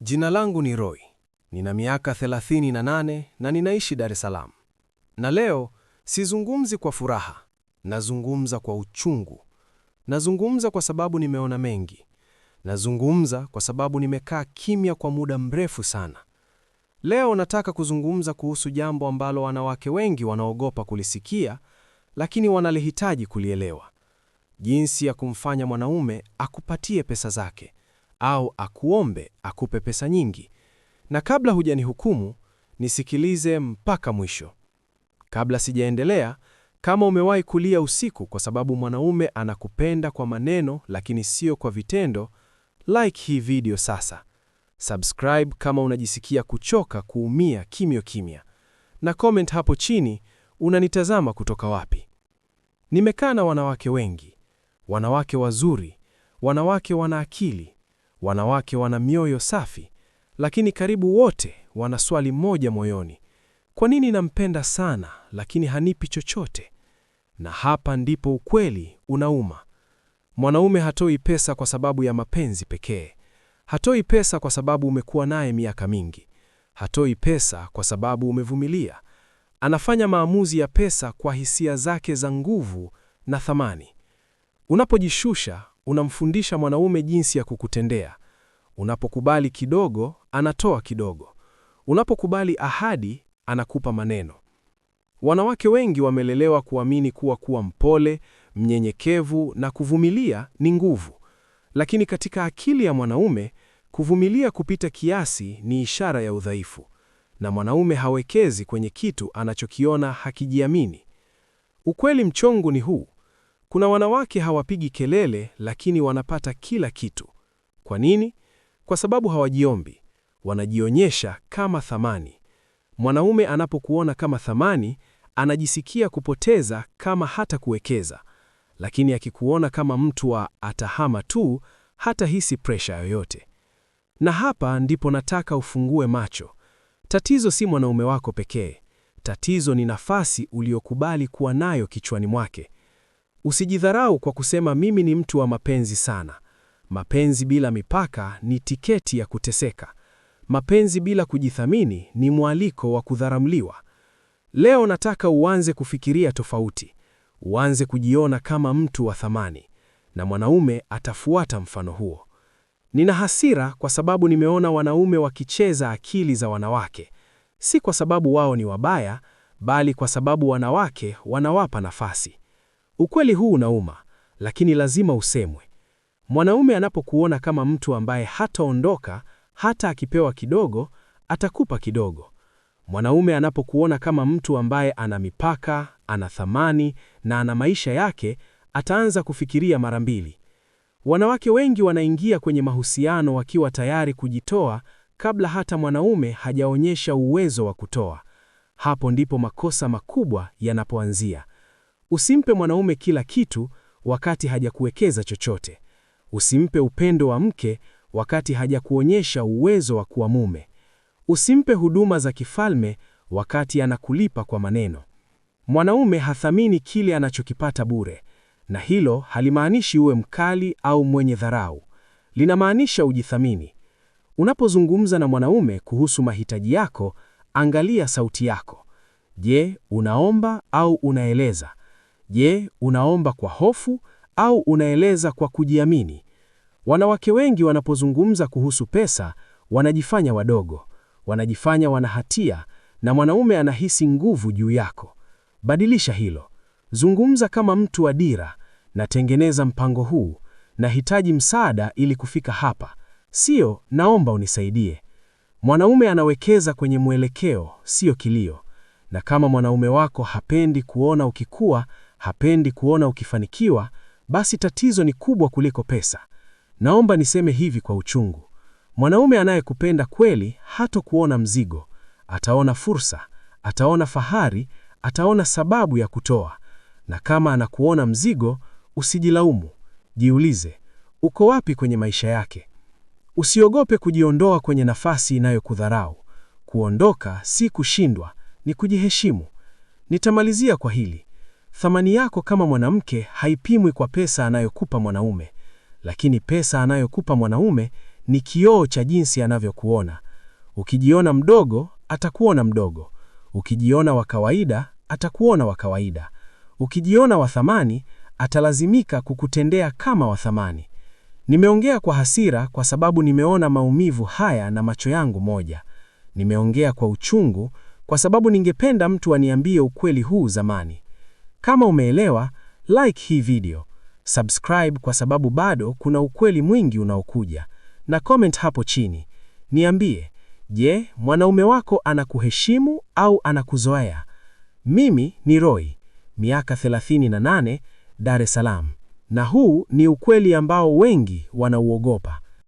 Jina langu ni Roy. Nina miaka 38 na ninaishi Dar es Salaam. Na leo sizungumzi kwa furaha, nazungumza kwa uchungu. Nazungumza kwa sababu nimeona mengi. Nazungumza kwa sababu nimekaa kimya kwa muda mrefu sana. Leo nataka kuzungumza kuhusu jambo ambalo wanawake wengi wanaogopa kulisikia, lakini wanalihitaji kulielewa. Jinsi ya kumfanya mwanaume akupatie pesa zake au akuombe akupe pesa nyingi. Na kabla hujanihukumu, nisikilize mpaka mwisho. Kabla sijaendelea, kama umewahi kulia usiku kwa sababu mwanaume anakupenda kwa maneno lakini sio kwa vitendo, like hii video sasa. Subscribe kama unajisikia kuchoka kuumia kimyo kimya, na comment hapo chini unanitazama kutoka wapi. Nimekaa na wanawake wengi, wanawake wazuri, wanawake wana akili, Wanawake wana mioyo safi, lakini karibu wote wana swali moja moyoni: kwa nini nampenda sana lakini hanipi chochote? Na hapa ndipo ukweli unauma. Mwanaume hatoi pesa kwa sababu ya mapenzi pekee. Hatoi pesa kwa sababu umekuwa naye miaka mingi. Hatoi pesa kwa sababu umevumilia. Anafanya maamuzi ya pesa kwa hisia zake za nguvu na thamani. Unapojishusha, unamfundisha mwanaume jinsi ya kukutendea. Unapokubali kidogo, anatoa kidogo. Unapokubali ahadi, anakupa maneno. Wanawake wengi wamelelewa kuamini kuwa kuwa mpole, mnyenyekevu na kuvumilia ni nguvu. Lakini katika akili ya mwanaume, kuvumilia kupita kiasi ni ishara ya udhaifu, na mwanaume hawekezi kwenye kitu anachokiona hakijiamini. Ukweli mchungu ni huu. Kuna wanawake hawapigi kelele, lakini wanapata kila kitu. Kwa nini? Kwa sababu hawajiombi, wanajionyesha kama thamani. Mwanaume anapokuona kama thamani, anajisikia kupoteza kama hata kuwekeza, lakini akikuona kama mtu wa atahama tu, hata hisi presha yoyote. Na hapa ndipo nataka ufungue macho. Tatizo si mwanaume wako pekee. Tatizo ni nafasi uliyokubali kuwa nayo kichwani mwake. Usijidharau kwa kusema mimi ni mtu wa mapenzi sana. Mapenzi bila mipaka ni tiketi ya kuteseka. Mapenzi bila kujithamini ni mwaliko wa kudharamliwa. Leo nataka uanze kufikiria tofauti. Uanze kujiona kama mtu wa thamani na mwanaume atafuata mfano huo. Nina hasira kwa sababu nimeona wanaume wakicheza akili za wanawake. Si kwa sababu wao ni wabaya, bali kwa sababu wanawake wanawapa nafasi. Ukweli huu unauma, lakini lazima usemwe. Mwanaume anapokuona kama mtu ambaye hataondoka hata akipewa kidogo, atakupa kidogo. Mwanaume anapokuona kama mtu ambaye ana mipaka, ana thamani na ana maisha yake, ataanza kufikiria mara mbili. Wanawake wengi wanaingia kwenye mahusiano wakiwa tayari kujitoa kabla hata mwanaume hajaonyesha uwezo wa kutoa. Hapo ndipo makosa makubwa yanapoanzia. Usimpe mwanaume kila kitu wakati hajakuwekeza chochote. Usimpe upendo wa mke wakati hajakuonyesha uwezo wa kuwa mume. Usimpe huduma za kifalme wakati anakulipa kwa maneno. Mwanaume hathamini kile anachokipata bure, na hilo halimaanishi uwe mkali au mwenye dharau. Linamaanisha ujithamini. Unapozungumza na mwanaume kuhusu mahitaji yako, angalia sauti yako. Je, unaomba au unaeleza? Je, unaomba kwa hofu au unaeleza kwa kujiamini? Wanawake wengi wanapozungumza kuhusu pesa wanajifanya wadogo, wanajifanya wana hatia, na mwanaume anahisi nguvu juu yako. Badilisha hilo. Zungumza kama mtu wa dira, natengeneza mpango huu, nahitaji msaada ili kufika hapa, sio naomba unisaidie. Mwanaume anawekeza kwenye mwelekeo, sio kilio. Na kama mwanaume wako hapendi kuona ukikua hapendi kuona ukifanikiwa, basi tatizo ni kubwa kuliko pesa. Naomba niseme hivi kwa uchungu, mwanaume anayekupenda kweli hatokuona mzigo, ataona fursa, ataona fahari, ataona sababu ya kutoa. Na kama anakuona mzigo, usijilaumu, jiulize, uko wapi kwenye maisha yake? Usiogope kujiondoa kwenye nafasi inayokudharau. Kuondoka si kushindwa, ni kujiheshimu. Nitamalizia kwa hili. Thamani yako kama mwanamke haipimwi kwa pesa anayokupa mwanaume, lakini pesa anayokupa mwanaume ni kioo cha jinsi anavyokuona. Ukijiona mdogo, atakuona mdogo. Ukijiona wa kawaida, atakuona wa kawaida. Ukijiona wa thamani, atalazimika kukutendea kama wa thamani. Nimeongea kwa hasira kwa sababu nimeona maumivu haya na macho yangu moja. Nimeongea kwa uchungu kwa sababu ningependa mtu aniambie ukweli huu zamani. Kama umeelewa, like hii video, subscribe kwa sababu bado kuna ukweli mwingi unaokuja, na comment hapo chini. Niambie, je, mwanaume wako anakuheshimu au anakuzoea? Mimi ni Roy, miaka 38, Dar es Salaam, na huu ni ukweli ambao wengi wanauogopa.